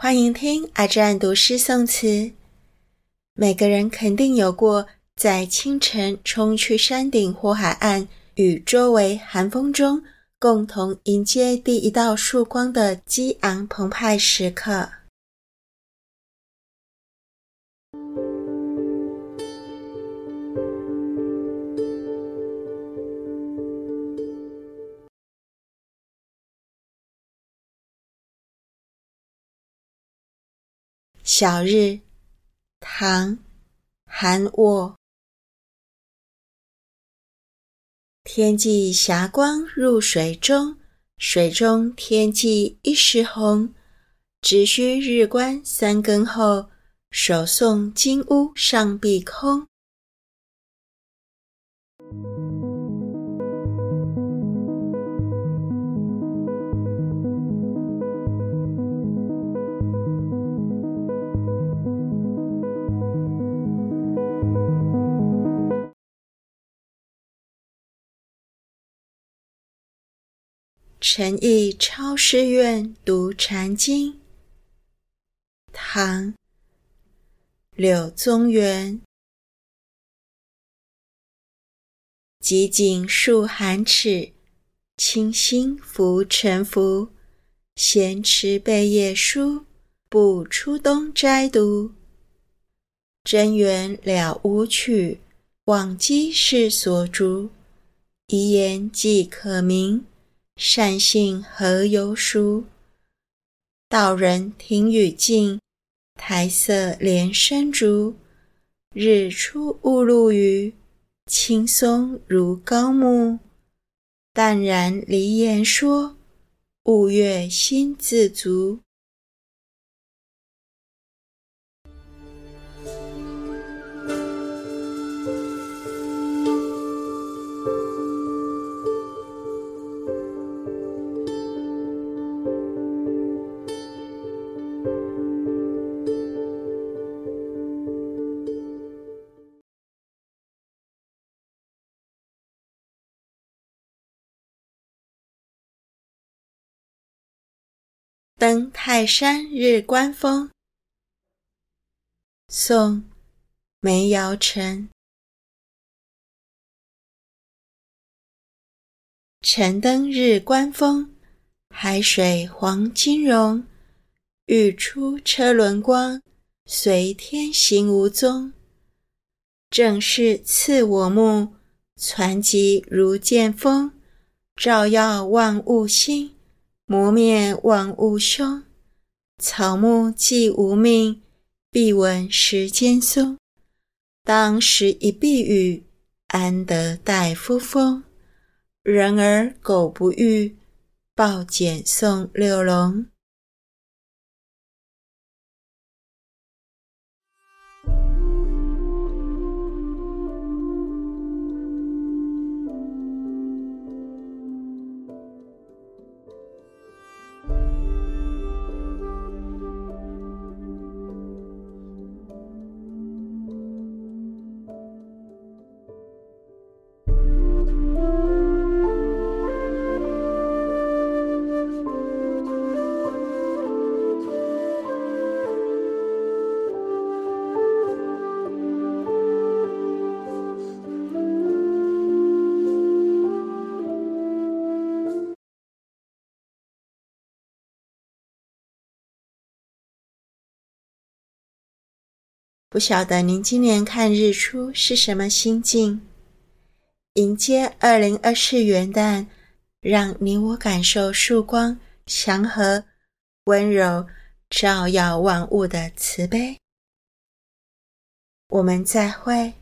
歡迎聽阿綻讀唐詩宋詞。每個人肯定有過在清晨衝去山頂或海岸，與周圍寒風中共同迎接第一道曙光的激昂澎湃時刻。曉日，唐，韓偓。天際霞光入水中，水中天際一時紅。直須日觀三更後，首送金烏上碧空。晨詣超師院讀禪經，唐·柳宗元。汲井漱寒齒，清心拂塵服，閒持貝葉書，步出東齋讀。真源了無取，妄跡世所逐。遺言冀可冥。繕性何由熟？道人庭宇靜，苔色連深竹。日出霧露餘，青松如膏沐。淡然離言說，悟悅心自足。登泰山日觀峰，宋·梅堯臣。晨登日觀峰，海水黃金熔，浴出車輪光，隨天行無蹤。正視刺我目，攢集如劍鋒，照耀萬物興。磨滅萬物凶，草木既無命，必聞石間松。當時一避雨，安得大夫封？人而苟不遇，抱簡誦六龍。不曉得您今年看日出是什麼心境？迎接二零二四元旦，讓你我感受曙光、祥和、溫柔，照耀萬物的慈悲。我們再會。